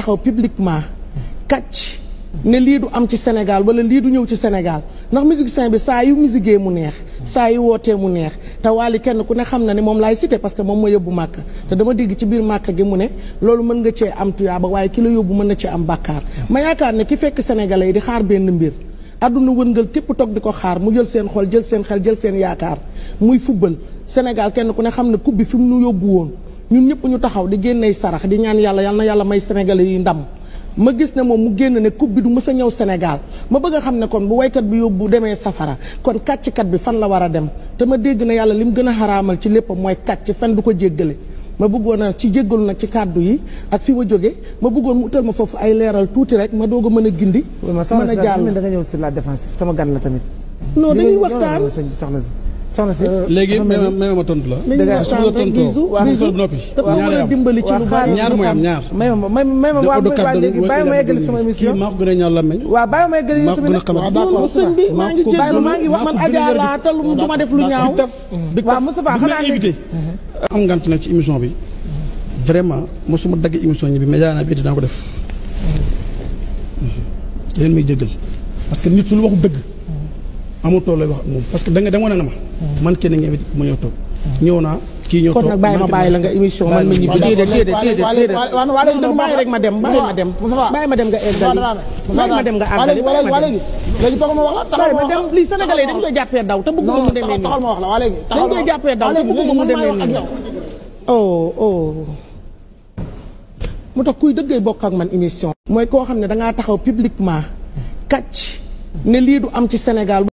taxaw publiquement kàcc ne lii du am ci Sénégal wala lii du ñëw ci Sénégal ndax musicien bi saa yu musique mu neex saa yu wootee mu neex te Wally kenn ku ne xam na ne moom laay cité parce que moom moo yóbbu màkk te dama dégg ci biir màkk gi mu ne loolu mën nga cee am tuyaaba waaye kilo yóbbu mën na cee am bàkkaar ma yaakaar ne ki fekk sénégalais yi di xaar benn mbir àdduna wërngal képp toog di ko xaar mu jël seen xol jël seen xel jël yaakaar muy fubbal Sénégal kenn ku ne xam ne coupe ñun ñëpp ñu taxaw di génnay sarax di ñaan yàlla yal na yàlla may sénégalais yi ndam ma gis ne moom mu génn ne coupe bi du mës sa ñëw Sénégal ma bëgg a xam ne kon bu waykat bi yóbbu demee safara kon kàcckat bi fan la war a dem te ma dégg na yàlla li mu gën a xaraamal ci lépp mooy kàcc fen du ko jéggale ma bëggoon nag ci jéggalu nag ci kàddu yi ak fi ma jóge ma bëggoon mu utal ma foofu ay leeral tuuti rek ma doog a mën a gindi mën a jàll da nga ñëw sur la défense sama gan la tamit non dañuy waxtaan soxna si euh, léegi même ma tontu la. su ma la tontoo bu noppi. ñaar am dimbali ci lu bari ñaar mooy am ñaar. may ma may ma waaw léegi ma yeggali sama émission. maa ko gën a ñaaw la meñ. waaw bàyyi am ngant ci émission bi vraiment mosuma dagg émission ñi bi mais yaa naa ko def. leen mhm. mhm. may jëggal parce nit su lu waxu dëgg amutoo lay wax moom parce que da nga demoon na ma. man kenn ngeen ma ñëw toog. ñëw naa kii ñëw toog kon nag bàyyi ma bàyyi la nga émission man ma ñibbi déedéet déedéet ma dem bàyyi ma dem. bàyyi ma dem nga eggali bàyyi ma dem nga àggali bàyyi ma dem. léegi toog ma wax la taxaw lii dañ koy jàppee daw te bëgg ma mu demee nii mu tax kuy dëggay bokk ak man émission. mooy koo xam ne dangaa taxaw publiquement kàcc ne lii du am ci Sénégal